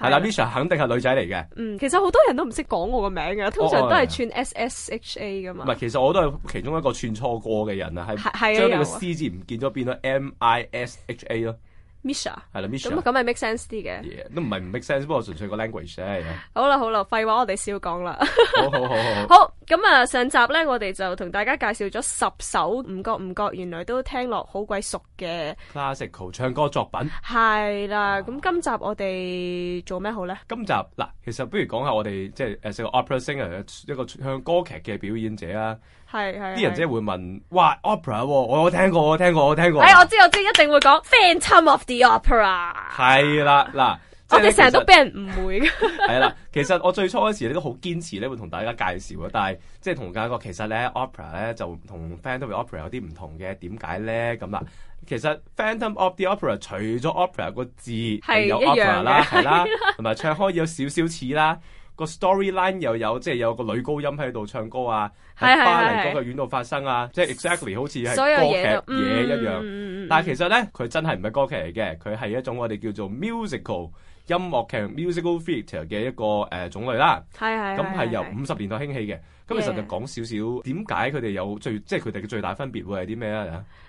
係啦，Misha 肯定係女仔嚟嘅。嗯，其實好多人都唔識講我個名㗎，通常都係串 S S H A 噶嘛。唔係，其實我都係其中一個串錯過嘅人啦，係將你個 C 字唔見咗，變咗 M I S H A 咯。Misha 係啦，Misha 咁咁咪 make sense 啲嘅，yeah, 都唔係唔 make sense，不過純粹個 language 啫。好啦好啦，廢話我哋少講啦 好好好好好，咁啊上集咧，我哋就同大家介紹咗十首唔覺唔覺，原來都聽落好鬼熟嘅 classical 唱歌作品。係啦，咁今集我哋做咩好咧？今集嗱，其實不如講下我哋即係誒，成個 opera singer，一個唱歌劇嘅表演者啊。係係，啲人即係會問，哇，opera，我我聽過，我聽過，我聽過。哎，我知我知， 一定會講《Phantom of the Opera》。係啦，嗱、就是，我哋成日都俾人誤會係係啦，其實我最初嗰時咧都好堅持咧會同大家介紹，但係即係同家國，其實咧 opera 咧就同《Phantom of the Opera 有》有啲唔同嘅，點解咧？咁啦其實《Phantom of the Opera 除》除咗 opera 個字係一 r a 啦，係啦，同埋唱開有少少似啦。個 storyline 又有即係有個女高音喺度唱歌啊，喺巴黎歌劇院度發生啊，即係 exactly 好似係歌劇嘢一樣。但係其實咧，佢真係唔係歌劇嚟嘅，佢係一種我哋叫做 musical 音樂劇 musical theatre 嘅一個誒種類啦。係係，咁係由五十年代興起嘅。咁 Yeah, 其實就講少少，點解佢哋有最即係佢哋嘅最大分別會係啲咩啊？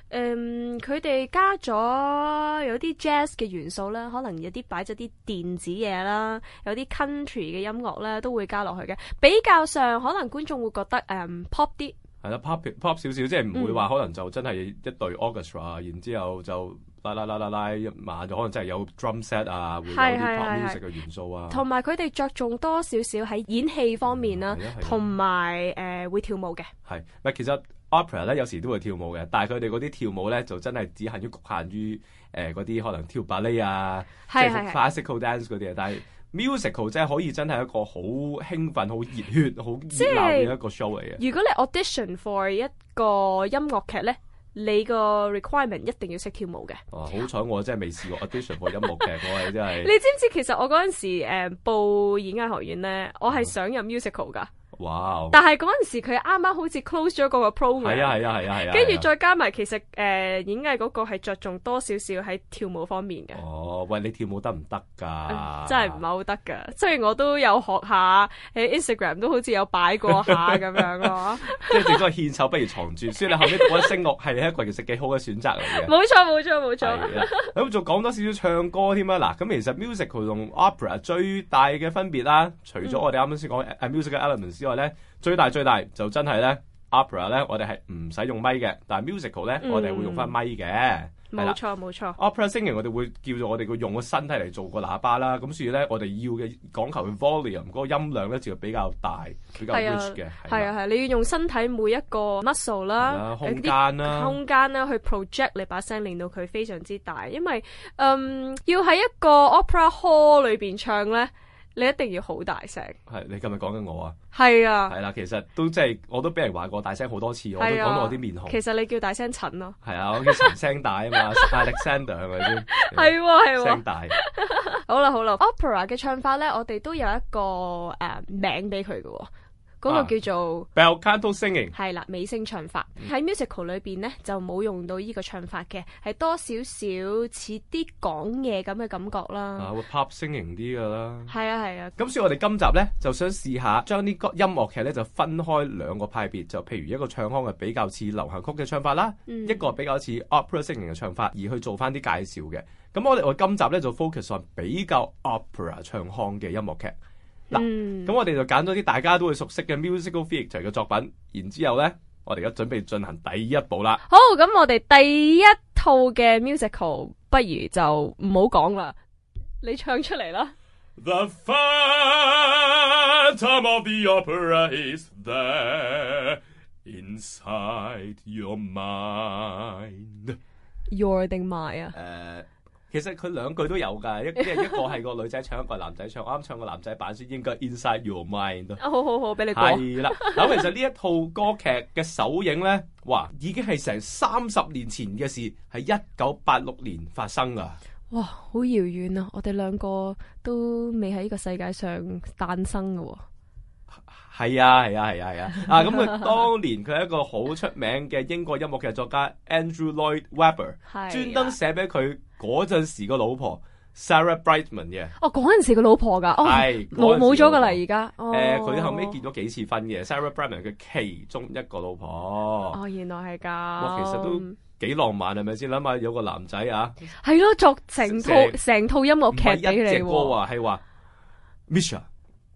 佢哋、嗯、加咗有啲 jazz 嘅元素啦，可能有啲擺咗啲電子嘢啦，有啲 country 嘅音樂咧都會加落去嘅。比較上可能觀眾會覺得、嗯、pop 啲，係啦，pop pop 少少，即係唔會話可能就真係一隊 orchestra，嗯、然之後就。拉拉拉拉一就可能真係有 drum set 啊，會有啲 music 嘅元素啊。同埋佢哋着重多少少喺演戲方面啦、啊，同埋、嗯呃、會跳舞嘅。其實 opera 咧有時都會跳舞嘅，但係佢哋嗰啲跳舞咧就真係只限於局限於誒嗰啲可能跳芭蕾啊，即係 classical dance 嗰啲啊。但係 musical 真係可以真係一個好興奮、好熱血、好熱鬧嘅一個 show 嚟嘅。如果你 audition for 一個音樂劇咧？你個 requirement 一定要識跳舞嘅。哦，好彩我真係未試過 audition 音樂嘅， 我係真係。你知唔知其實我嗰陣時誒、呃、報演藝學院咧，我係想入 musical 㗎。哇！但係嗰陣時佢啱啱好似 close 咗嗰個 program，係啊係啊係啊係啊，跟住再加埋其實誒演藝嗰個係着重多少少喺跳舞方面嘅。哦，喂你跳舞得唔得㗎？真係唔係好得㗎，雖然我都有學下喺 Instagram 都好似有擺過下咁樣咯。即係最多係獻醜不如藏住。所以你後尾讀咗聲樂係你一個其實幾好嘅選擇嚟嘅。冇錯冇錯冇錯，咁仲講多少少唱歌添啊！嗱，咁其實 musical 同 opera 最大嘅分別啦，除咗我哋啱啱先講 musical elements。咧最大最大就真係咧 opera 咧，我哋係唔使用咪嘅，但係 musical 咧，嗯、我哋會用翻咪嘅。冇錯冇錯，opera singing 我哋會叫做我哋會用個身體嚟做個喇叭啦。咁所以咧，我哋要嘅講求嘅 volume 嗰個音量咧就比較大，比較 rich 嘅。係啊係嗎啊，你要用身體每一個 muscle 啦、啊，空間啦、啊，啊、空間啦去 project 你把聲，聲音令到佢非常之大。因為嗯，要喺一個 opera hall 裏邊唱咧。你一定要好大聲，係你今日講緊我啊，係啊，係啦、啊，其實都即係，我都俾人話過大聲好多次，啊、我都講到我啲面紅。其實你叫大聲陳咯，係啊，我叫陳聲大啊嘛，Alexander 係咪先？係係聲大。 好啦好啦，Opera 嘅唱法咧，我哋都有一個誒、呃、名俾佢喎。嗰、啊、個叫做 Bel Canto Singing 係啦，美聲唱法喺、嗯、musical 裏面咧就冇用到呢個唱法嘅，係多少少似啲講嘢咁嘅感覺啦。啊，會 pop Singing 啲㗎啦。係啊，係啊。咁所以我哋今集咧就想試下將啲音樂劇咧就分開兩個派別，就譬如一個唱腔係比較似流行曲嘅唱法啦，嗯、一個比較似 opera Singing 嘅唱法，而去做返啲介紹嘅。咁我哋我今集咧就 focus on 比較 opera 唱腔嘅音樂劇。嗱，咁、嗯、我哋就揀咗啲大家都會熟悉嘅 musical theatre 嘅作品，然之後咧，我哋而家準備進行第一步啦。好，咁我哋第一套嘅 musical，不如就唔好講啦，你唱出嚟啦。其實佢兩句都有㗎，一即係一個係個女仔唱，一個男仔唱。啱啱 唱個男仔版先應該 Inside Your Mind 啊！好好好，俾你睇啦。咁了 其實呢一套歌劇嘅首映咧，哇，已經係成三十年前嘅事，係一九八六年發生㗎。哇，好遙遠啊！我哋兩個都未喺呢個世界上誕生㗎喎、啊。係啊係啊係啊係啊！啊，咁佢當年佢係一個好出名嘅英國音樂劇作家 Andrew Lloyd Webber，專登寫俾佢嗰陣時個老婆 Sarah Brightman 嘅。哦，嗰陣時個老婆噶，哦，係冇咗噶啦，而家。誒，佢後尾結咗幾次婚嘅 Sarah Brightman 嘅其中一個老婆。哦，原來係噶。哇，其實都幾浪漫係咪先？諗下有個男仔啊。係咯，作成套成套音樂劇俾你。唔係一隻歌啊，係話。Misha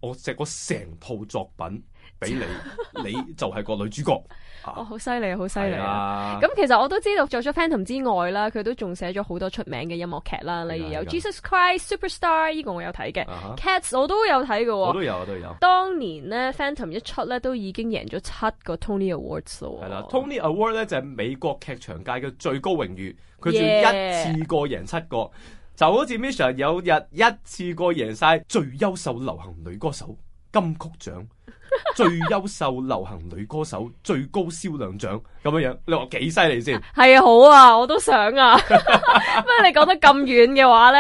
我寫過成套作品俾你， 你就係個女主角。 啊、哦，好犀利好犀利啊！咁其實我都知道，除咗 Phantom 之外啦，佢都仲寫咗好多出名嘅音樂劇啦，例如有 Jesus Christ、啊啊、Superstar 呢個我有睇嘅、uh huh，Cats 我都有睇嘅。我都有，我都有。當年咧 Phantom 一出咧，都已經贏咗七個 Tony Awards 喎。啦、啊、Tony Award 咧就係、是、美國劇場界嘅最高榮譽，佢要一次過贏七個。Yeah 就好似 Misha 有日一次過贏晒最優秀流行女歌手金曲獎。 最優秀流行女歌手最高銷量獎咁樣樣，你話幾犀利先？係啊， 好啊，我都想啊。 不過你講得咁遠嘅話呢，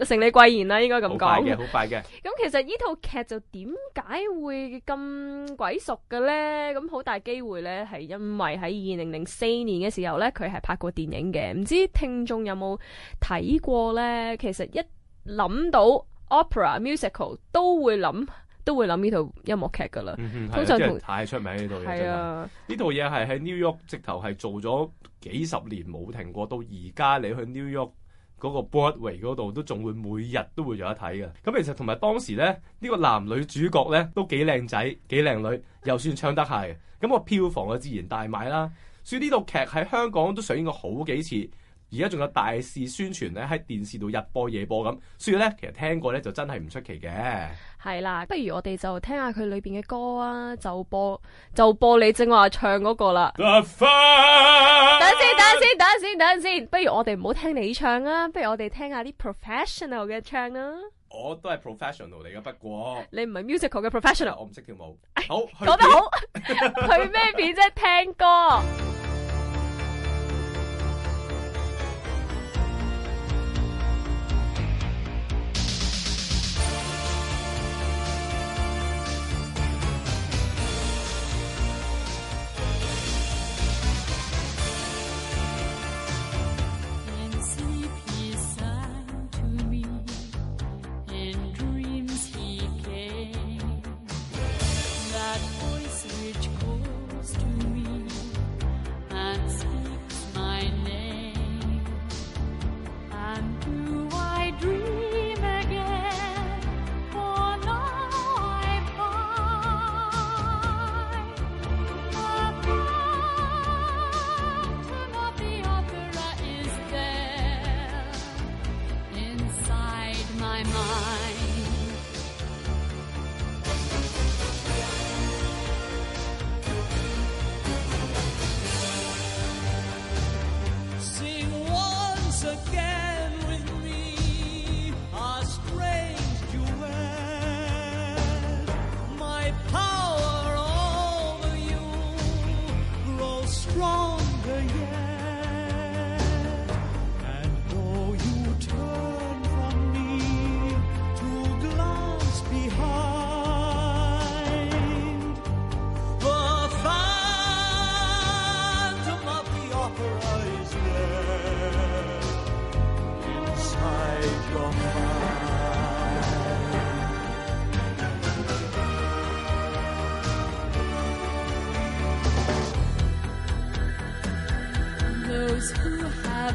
誒，承你貴言啦，應該咁講。好快嘅，好快嘅。咁其實呢套劇就點解會咁鬼熟嘅呢？咁好大機會呢，係因為喺二零零四年嘅時候呢，佢係拍過電影嘅。唔知聽眾有冇睇過呢？其實一諗到 opera musical 都會諗。都會諗呢套音樂劇噶啦，真係太出名呢套嘢。係啊，呢套嘢係喺 New York 直頭係做咗幾十年冇停過，到而家你去 New York 嗰個 Broadway 嗰度都仲會每日都會有得睇嘅。咁其實同埋當時咧，呢個男女主角咧都幾靚仔、幾靚女，又算唱得係，咁個票房就自然大賣啦。所以呢套劇喺香港都上演過好幾次。而家仲有大肆宣傳咧，喺電視度日播夜播咁，所以咧，其實聽過咧就真係唔出奇嘅。係啦，不如我哋就聽下佢裏邊嘅歌啊，就播就播你正話唱嗰個啦 The fun!。等先，等先，等先，等先，不如我哋唔好聽你唱啊，不如我哋聽下啲 professional 嘅唱啊。我都係 professional 嚟㗎，不過你唔係 musical 嘅 professional，我唔識跳舞。哎、好，吧講得好，佢咩片啫？聽歌。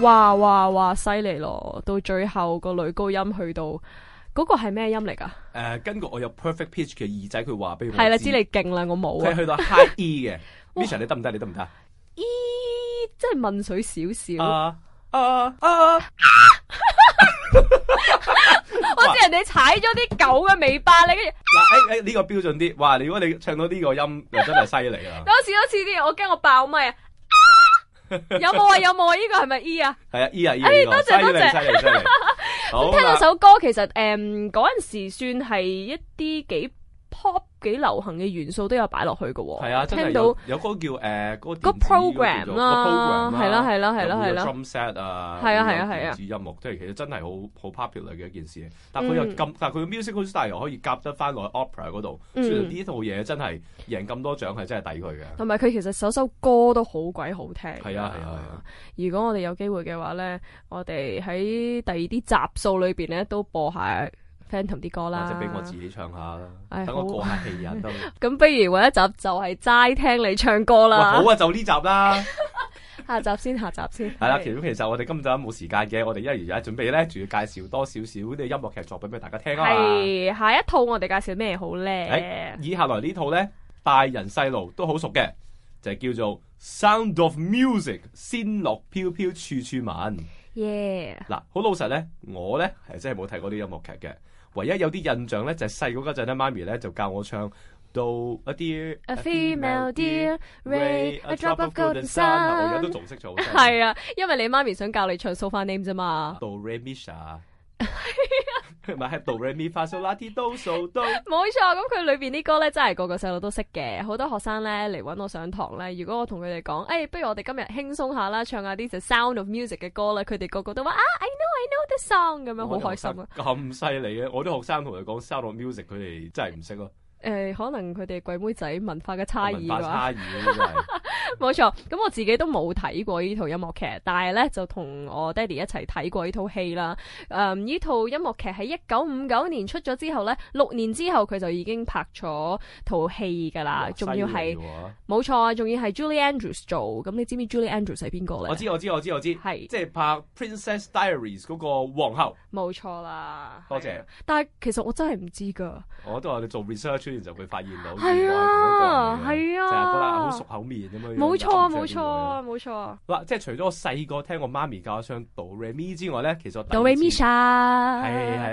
哇哇哇犀利咯，到最後個女高音去到嗰、那個係咩音嚟噶？誒、呃，根據我有 perfect pitch 嘅耳仔，佢話俾我係啦，是的知你勁啦，我冇。佢、okay, 去到 high E 嘅 ，Misha 你得唔得？哇你得唔得？E，即係問水少少啊啊啊！我知人哋踩咗啲狗嘅尾巴咧，跟住嗱誒誒，呢、 哎哎這個標準啲，哇！如果你唱到呢個音，又真係犀利啊！多次多次啲，我驚我爆咪。啊！ 有冇啊？有冇啊？呢、這個係咪 E 啊？係啊，E 啊，e 多謝多謝。咁聽到首歌，其實誒，嗰、um, 陣時算係一啲幾。pop 幾流行嘅元素都有擺落去噶，係啊，聽到有歌叫誒，嗰個 program 啦，係啦，係啦，係啦，係啦，係啊，係啊，係啊，電子音樂，即係其實真係好好 popular 嘅一件事。但佢又咁，但佢嘅 musical style 又可以夾得翻落去 opera 嗰度，所以呢套嘢真係贏咁多獎係真係抵佢嘅。同埋佢其實首首歌都好鬼好聽，係啊係啊。如果我哋有機會嘅話咧，我哋喺第二啲集數裏邊咧都播下。f r 同啲歌啦，或者俾我自己唱下啦，等、哎、我過下氣癮。咁、啊、不如搵一集就係齋聽你唱歌啦。好啊，就呢集啦。 下集先，下集先。係啦了是，其實其實我哋今集冇時間嘅，我哋一而家準備咧，仲要介紹多少少啲音樂劇作品俾大家聽啊。係，下一套我哋介紹咩好咧、哎？以下來呢套咧，大人細路都好熟嘅。就係叫做《Sound of Music》，仙樂飄飄處處聞。Yeah，嗱，好老實咧，我咧係真係冇睇過啲音樂劇嘅，唯一有啲印象咧就係細個嗰陣咧，媽咪咧就教我唱到一啲。A female deer, Ray, a drop of golden sun。我而家都仲識咗。係啊，因為你媽咪想教你唱《So Far Name》啫嘛。到 Ramisha。佢咪 Have s o l 都數都冇錯。咁佢裏邊啲歌咧，真係個個細路都識嘅。好多學生咧嚟搵我上堂咧，如果我同佢哋講，誒、哎，不如我哋今日輕鬆下啦，唱下啲就 Sound of Music 嘅歌啦，佢哋個個都話啊、ah,，I know I know the song，咁樣好開心啊！咁犀利嘅，我啲學生同佢講 Sound of Music，佢哋真係唔識咯。誒、呃，可能佢哋鬼妹仔文化嘅差異，差異冇錯。咁我自己都冇睇過呢套音樂劇 呢套、嗯、音樂劇，但係咧就同我爹哋一齊睇過呢套戲啦。誒，呢套音樂劇喺一九五九年出咗之後咧，六年之後佢就已經拍咗套戲噶啦，仲嘩要係冇錯，仲要係 Julie Andrews 做。咁你知唔 Jul 知 Julie Andrews 係邊個咧？我知，我知，我知，我知是，係即係拍 Princess Diaries 嗰個皇后，冇錯啦。多謝、啊。但係其實我真係唔知噶。我都話你做 research、er。然就會發現到，係啊，係、那個、啊，就係覺得好熟口面咁樣。冇錯錯，冇錯錯，冇錯。嗱，即係除咗我細個聽我媽咪教我唱《Do Re Mi》之外咧，其實我第二次《Do Re Mi》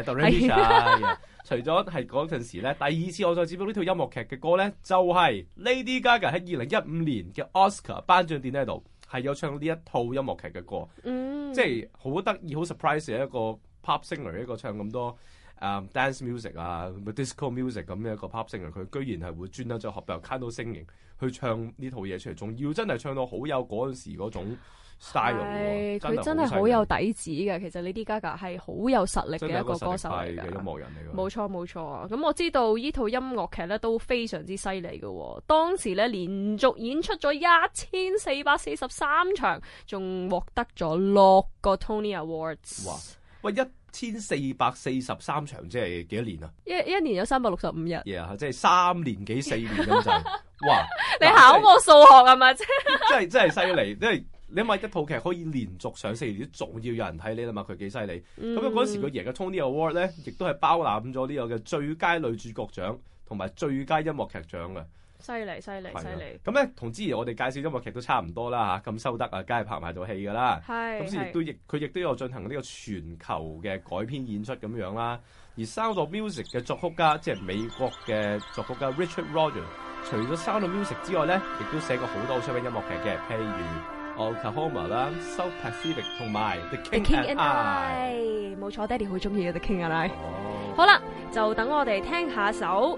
Do Re Mi》。除咗係嗰陣時咧，第二次我再接觸呢套音樂劇嘅歌咧，就係、是、Lady Gaga 喺二零一五年嘅 Oscar 頒獎典禮度係有唱呢一套音樂劇嘅歌。嗯。即係好得意、好 surprise 嘅一個 pop singer，一個唱咁多。啊、um,，dance music 啊，disco music 咁樣一個 pop singer 佢居然係會專登就學由 candle singing 去唱呢套嘢出嚟，仲要真係唱到好有嗰陣時嗰種 style 喎。佢是真係好有底子嘅，其實 Lady Gaga 係好有實力嘅一個歌手嚟嘅，冇錯冇錯。咁我知道呢套音樂劇咧都非常之犀利嘅，當時咧連續演出咗一千四百四十三場，仲獲得咗六個 Tony Awards。喂，一千四百四十三場，即係幾多年啊？一一年有三百六十五日，啊！Yeah, 即係三年幾四年咁就， 哇！就是，你考過數學係咪？即係真係犀利，即係你咪一套劇可以連續上四年，仲要有人睇你啦嘛？佢幾犀利？咁啊嗰時佢贏咗 Tony Award 咧，亦都係包攬咗呢個嘅最佳女主角獎同埋最佳音樂劇獎嘅。犀利，犀利，犀利！咁咧、啊，同害之前我哋介紹音樂劇都差唔多啦吓，咁收得啊，梗係拍埋套戲噶啦。咁之亦都，亦佢亦都有進行呢個全球嘅改編演出咁樣啦。而 Sound of Music 嘅作曲家即係美國嘅作曲家 Richard Rodgers 除咗 Sound of Music 之外咧，亦都寫過好多出名音樂劇嘅，譬如 Oklahoma 啦、South Pacific 同埋 The King and I。冇錯、oh，爹哋好中意嘅 The King and I。好啦，就等我哋聽下首。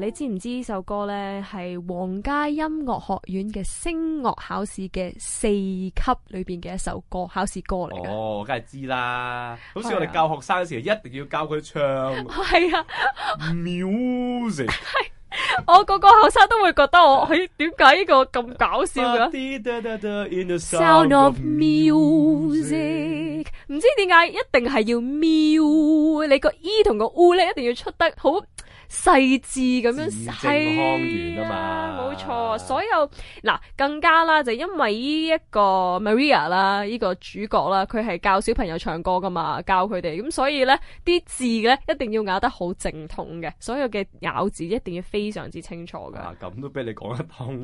你知唔知呢首歌咧，係皇家音樂學院嘅聲樂考試嘅四級裏邊嘅一首歌，考試歌嚟嘅哦，梗係知啦！好似我哋教學生嘅時候，是啊、一定要教佢唱。係啊，music 係我個個學生都會覺得我，嘿、哎，點解呢個咁搞笑嘅？The Sound of music，唔 知點解一定係要 music。你個 E 同個 U 咧一定要出得好。細緻咁樣，係啊，冇錯。所有嗱，更加啦，就因為呢一個 Maria 啦，呢個主角啦，佢係教小朋友唱歌噶嘛，教佢哋咁，所以咧啲字咧一定要咬得好正統嘅，所有嘅咬字一定要非常之清楚噶。咁都俾你講得通，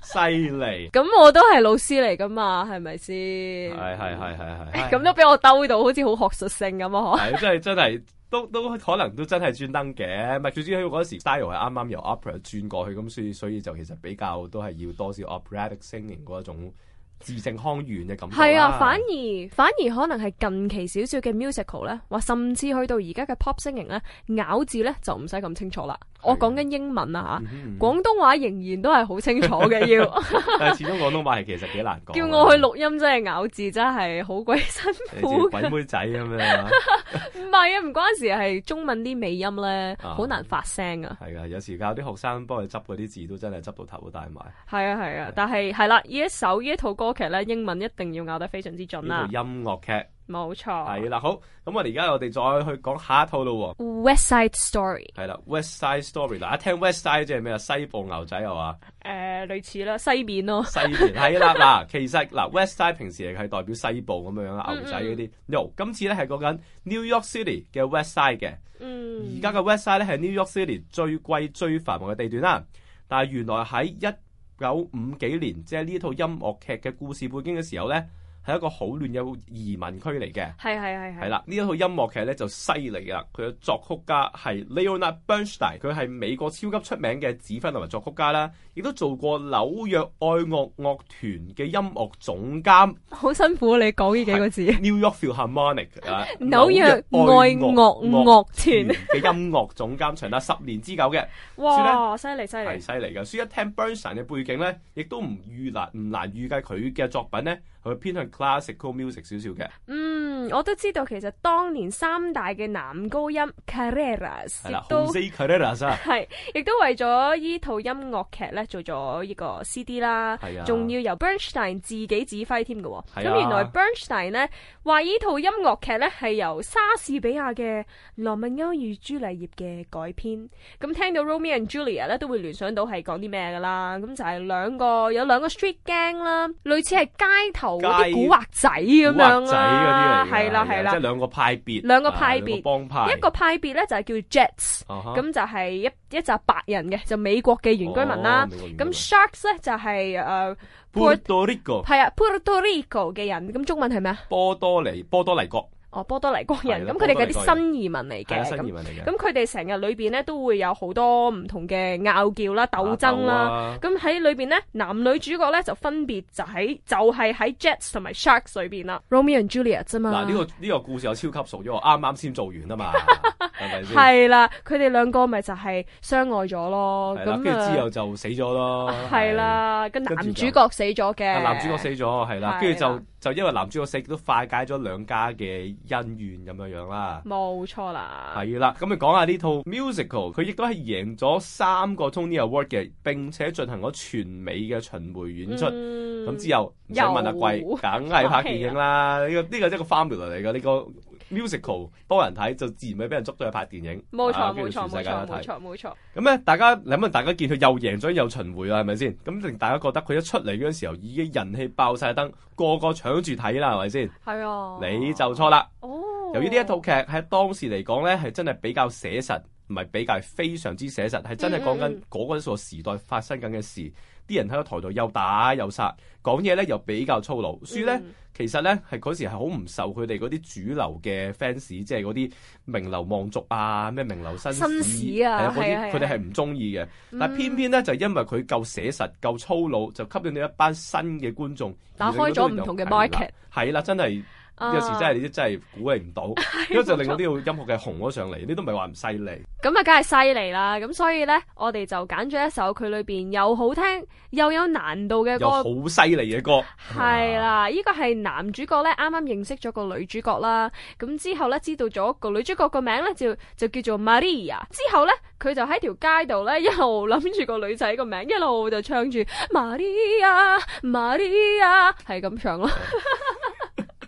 犀利。咁我都係老師嚟噶嘛，係咪先？係係係係。咁都俾我兜到，好似好學術性咁啊！嗬，真係真係。都都可能都真係轉燈嘅，咪，最主要喺嗰時 style 係啱啱由 opera 轉過去，咁所以所以就其實比較都係要多少 operatic singing 嗰種自正康源嘅感覺。係啊，反而反而可能係近期少少嘅 musical 咧，或甚至去到而家嘅 pop n 型咧，咬字咧就唔使咁清楚啦。我講緊英文啊嚇，廣東話仍然都係好清楚嘅要。 但係始終廣東話係其實幾難講。叫我去錄音真係咬字真係好鬼辛苦，鬼妹仔咁樣唔係 啊，唔關事係中文啲尾音咧，好難發聲啊，啊。係啊，有時教啲學生幫佢執嗰啲字都真係執到頭大埋。係啊係啊，是的但係係啦，呢一首呢一套歌劇咧，英文一定要咬得非常之準啊。呢套音樂劇。冇錯，係啦，好，咁我而家我哋再去講下一套咯，West《West Side Story》係啦，《West Side Story》嗱，一聽《West Side》即係咩啊？西部牛仔係嘛？誒、呃，類似啦，西面咯，西面係啦嗱， 其實嗱，呃《West Side》平時係代表西部咁樣樣啦，牛仔嗰啲。嗯嗯 no，今次咧係講緊 New York City 嘅 West Side 嘅，而家嘅 West Side 咧係 New York City 最貴最繁忙嘅地段啦。但係原來喺一九五幾年，即係呢套音樂劇嘅故事背景嘅時候咧。係一個好亂有移民區嚟嘅，係係係係啦！呢一套音樂劇咧就犀利啦，佢嘅作曲家係 Leonard Bernstein，佢係美國超級出名嘅指揮同埋作曲家啦，亦都做過紐約愛樂樂團嘅音樂總監，好辛苦你講呢幾個字。New York Philharmonic，紐 約愛樂樂團嘅音樂總監長達十年之久嘅，哇，犀利犀利係犀利嘅。所以一聽 Bernstein 嘅背景咧，亦都唔預難唔難預計佢嘅作品咧。佢偏向 classical music 少少嘅。嗯，我都知道其實當年三大嘅男高音 Carreras 係啦的，Jose Carreras 係，亦都為咗依套音樂劇咧做咗呢個 CD 啦。係啊，仲要由 Bernstein 自己指揮添㗎喎。咁是的 原來 Bernstein 呢，話依是的 套音樂劇咧係由莎士比亞嘅《羅密歐與朱麗葉》嘅改編。咁聽到 Romeo and Julia 呢，都會聯想到係講啲咩㗎啦？咁就係兩個有兩個 street gang 啦，類似係街頭。啲街古惑仔咁樣啊，係啦係啦，即係兩個派別，兩個派別，幫、啊、派，一個派別咧就係叫 Jets，咁、uh huh. 就係一一集白人嘅，就美國嘅原居民啦、啊。咁 Sharks 咧就係、是、誒、呃、Puerto Rico，係啊 Puerto Rico 嘅人。咁中文係咩啊？波多黎波多黎各。哦，波多黎各人，咁佢哋嗰啲新移民嚟嘅，咁佢哋成日裏邊咧都會有好多唔同嘅拗撬啦、鬥爭啦，咁喺裏面咧，男女主角咧就分別就喺就係喺 Jets 同埋 Sharks 裏面啦。Romeo and Juliet 啫嘛。嗱呢個呢個故事我超級熟咗，啱啱先做完啊嘛，係咪先？係啦，佢哋兩個咪就係相愛咗咯，咁跟住之後就死咗咯。係啦，個男主角死咗嘅。男主角死咗，係啦，跟住就就因為男主角死都化解咗兩家嘅。人緣咁樣樣啦，冇錯啦，係啦。咁你講下呢套 musical，佢亦都係贏咗三個 Tony Award 嘅，並且進行咗全美嘅巡迴演出。咁、嗯、之後，想問阿貴梗係拍電影、啊戲啊、啦。呢、呢個呢、呢個，個 formula 嚟㗎，呢、呢個 Musical 多人睇就自然咪俾人捉到去拍電影，冇錯冇錯冇錯冇錯，咁咧、啊、大家你諗大家見佢又贏咗又巡迴啦，係咪先？咁令大家覺得佢一出嚟嗰陣時候已經人氣爆晒燈，個個搶住睇啦，係咪先？係啊！你就錯啦。哦。由於呢一套劇喺當時嚟講咧，係真係比較寫實，唔係比較係非常之寫實，係真係講緊嗰個時，時代發生緊嘅事。嗯嗯啲人喺個台度又打又殺，講嘢咧又比較粗魯。書咧、嗯、其實咧係嗰時係好唔受佢哋嗰啲主流嘅 fans，即係嗰啲名流望族啊，咩名流紳士啊，嗰啲佢哋係唔中意嘅。但偏偏咧、嗯、就因為佢夠寫實、夠粗魯，就吸引到一班新嘅觀眾，打開咗唔同嘅、就是、market、啊。係啦、啊，真係。啊、有時真係你真係估計唔到，咁就令到呢個音樂劇紅咗上嚟， 你都唔係話唔犀利。咁啊，梗係犀利啦！咁所以咧，我哋就揀咗一首佢裏邊又好聽又有難度嘅歌，好犀利嘅歌。係、嗯、啦、呢、這個係男主角咧，啱啱認識咗個女主角啦。咁之後咧，知道咗個女主角個名咧，就就叫做 Maria, 就就 Maria, Maria。之後咧，佢就喺條街度咧，一路諗住個女仔個名，一路就唱住 Maria，Maria，係咁唱咯。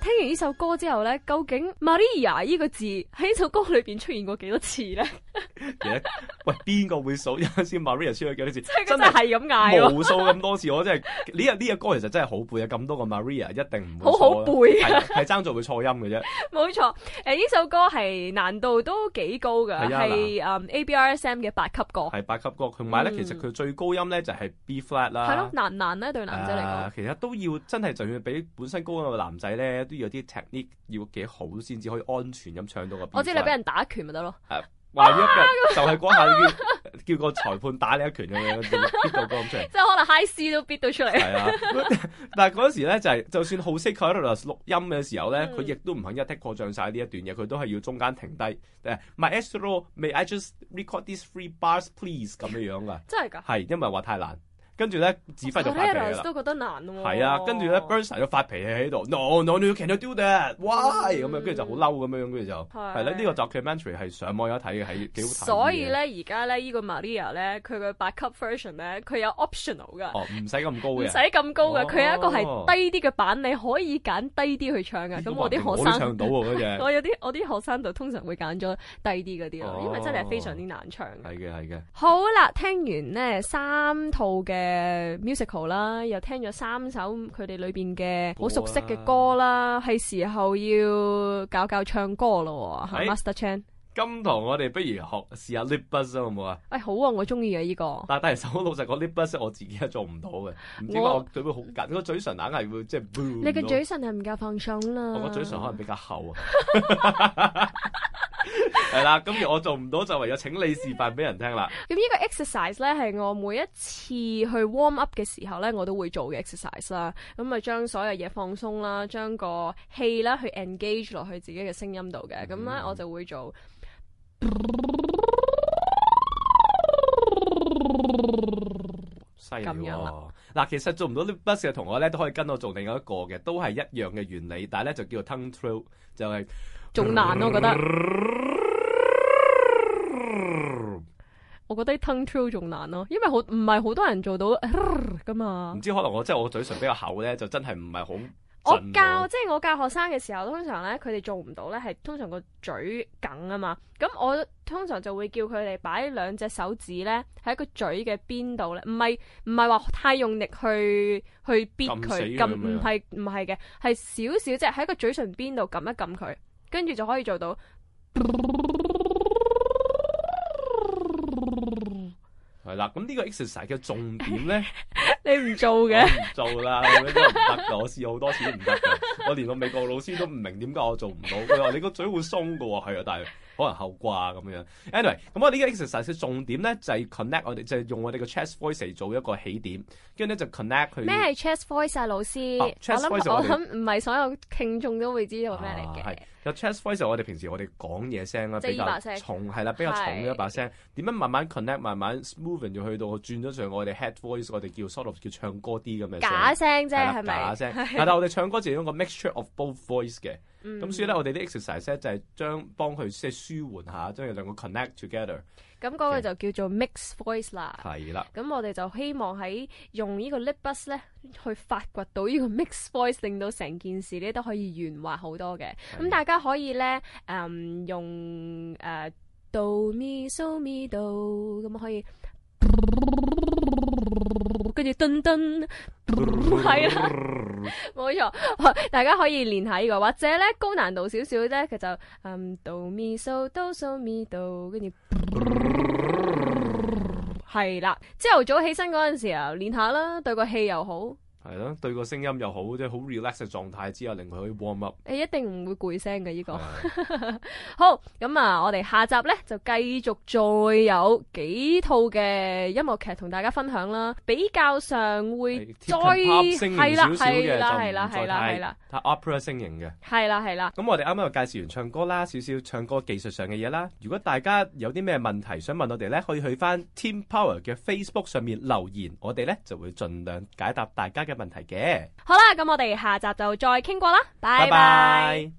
聽完呢首歌之後咧，究竟 Maria 呢個字喺呢首歌裏邊出現過幾多次咧？ 喂，邊個會數？先 Maria 出咗幾多次？真係係咁嗌咯！無數咁多次，我真係呢日呢個歌其實真係好背啊！咁多個 Maria 一定唔會好好背係係爭在會錯音嘅啫。冇錯，誒呢首歌係難度都幾高噶，係 ABRSM 嘅八級歌，係八級歌。同埋咧，其實佢最高音咧就係 B flat 啦。係咯，難難咧對男仔嚟講，其實都要真係就要俾本身高嘅男仔咧，都要有啲 technique 要幾好先至可以安全咁唱到個。我知你俾人打拳咪得咯。話一拳就係嗰下叫、啊、叫，叫個裁判打你一拳咁樣 bit 到出嚟。即係 可能 high C 都逼到出嚟。係啊， 但係嗰時咧就係、是，就算 Jose Carlos 錄音嘅時候咧，佢亦都唔肯一剔過賬晒呢一段嘢，佢都係要中間停低。誒 ，Maestro，May Ma I just record these three bars please？咁樣的樣噶。真係噶。係，因為話太難。跟住咧，指揮就發脾氣啦。都覺得難喎。係啊，跟住咧，Burns 成日發脾氣喺度，No，no，you can't do that，why？咁樣跟住就好嬲咁樣，跟住就係咧。呢個 documentary 係上網有睇嘅，係幾好睇嘅。所以咧，而家咧，依個 Maria 咧，佢嘅八級 version 咧，佢有 optional 嘅。哦，唔使咁高嘅。唔使咁高嘅，佢有一個係低啲嘅版，你可以揀低啲去唱嘅。咁我啲學生唱到。我有啲我啲學生就通常會揀咗低啲嗰啲咯，因為真係非常之難唱。係嘅，係嘅。好啦，聽完呢三套嘅。誒，musical 啦，又聽咗三首佢哋裏邊嘅好熟悉嘅歌啦，係、啊、時候要搞搞唱歌咯，係、哎、Master Chan。今堂我哋不如學試下 lip burs，好唔好啊？誒、哎，好啊，我中意嘅呢個。但係第二首老實講，lip burs 我自己都做唔到嘅，唔我知道我嘴會好緊，個嘴唇硬係會即係。就是、boom, 你嘅嘴唇係唔夠放鬆啦，我個嘴唇可能比較厚啊。 係啦， 今日我做唔到就唯有請你示範俾人聽啦。咁呢、yeah. 個 exercise 呢，係我每一次去 warm up 嘅時候呢，我都會做嘅 exercise 啦。咁啊，將所有嘢放鬆啦，將個氣啦去 engage 落去自己嘅聲音度嘅。咁呢、mm，hmm. 我就會做。犀利喎！嗱，樣其實做唔到呢筆嘅同學咧，都可以跟我做另外一個嘅，都係一樣嘅原理，但係咧就叫做 tongue trill，就係、是、仲難咯、啊，我覺得。我覺得 tongue trill 仲難咯、啊，因為好唔係好多人做到噶嘛。唔知可能我即係我嘴唇比較厚咧，就真係唔係好。我教動即係我教學生嘅時候，通常咧佢哋做唔到咧，係通常個嘴緊啊嘛。咁我通常就會叫佢哋擺兩隻手指咧喺個嘴嘅邊度咧，唔係唔係話太用力去去逼佢撳，唔係唔係嘅，係少少即係喺個嘴唇邊度撳一撳佢，跟住就可以做到、嗯。係啦，咁呢個 exercise 嘅重點咧。 你唔做嘅，唔做啦，咁樣都唔得㗎。 我試好多次都唔得㗎。我連個美國老師都唔明點解我做唔到。佢話你個嘴會鬆㗎喎，係啊，但係可能後掛咁樣。Anyway，咁我哋呢個 exercise 重點咧就係、是、connect 我哋，就係、是、用我哋個 chest voice 嚟做一個起點，跟住咧就 connect 佢。咩係 chest voice 啊，老師？啊、我諗想我諗唔係所有聽眾都會知道咩嚟嘅。有、啊、chest voice 我哋平時我哋講嘢聲啦，比較重係啦，比較重嘅一把聲。點的樣慢慢 connect，慢慢 smoothing 就去到轉咗上我哋 head voice，我哋叫叫唱歌啲咁樣假聲啫，係咪了？是是假聲。但係的 我哋唱歌就用個 mixture of both voice 嘅。咁、嗯、所以咧，我哋啲 exercise 就係將幫佢先舒緩下，將佢兩個 connect together。咁嗰個就叫做 mix voice 啦。係啦了。咁我哋就希望喺用呢個 lip bus 咧，去發掘到呢個 mix voice，令到成件事咧都可以圓滑好多嘅。咁是的 大家可以咧，嗯，用誒、uh, do me so me do，咁可以。跟住噔，噔噔，係啦，冇錯，呵呵沒錯，大家可以練下呢個，或者咧高難度少少咧，佢就嗯 do mi so do so mi do，跟住係啦，朝頭早起身嗰陣時候練下啦，對個氣又好。係咯，對個聲音又好，即係好 relax 嘅狀態之下，令佢可以 warm up。誒、欸，一定唔會攰聲嘅呢個。的 好，咁啊，我哋下集咧就繼續再有幾套嘅音樂劇同大家分享啦。比較上會再係啦，係啦，係啦，係啦，係啦，睇 opera op 聲型嘅。係啦，係啦。咁我哋啱啱介紹完唱歌啦，少少唱歌技術上嘅嘢啦。如果大家有啲咩問題想問我哋咧，可以去翻 Team Power 嘅 Facebook 上面留言，我哋咧就會盡量解答大家嘅問題嘅，好啦，咁我哋下集就再傾過啦，拜拜。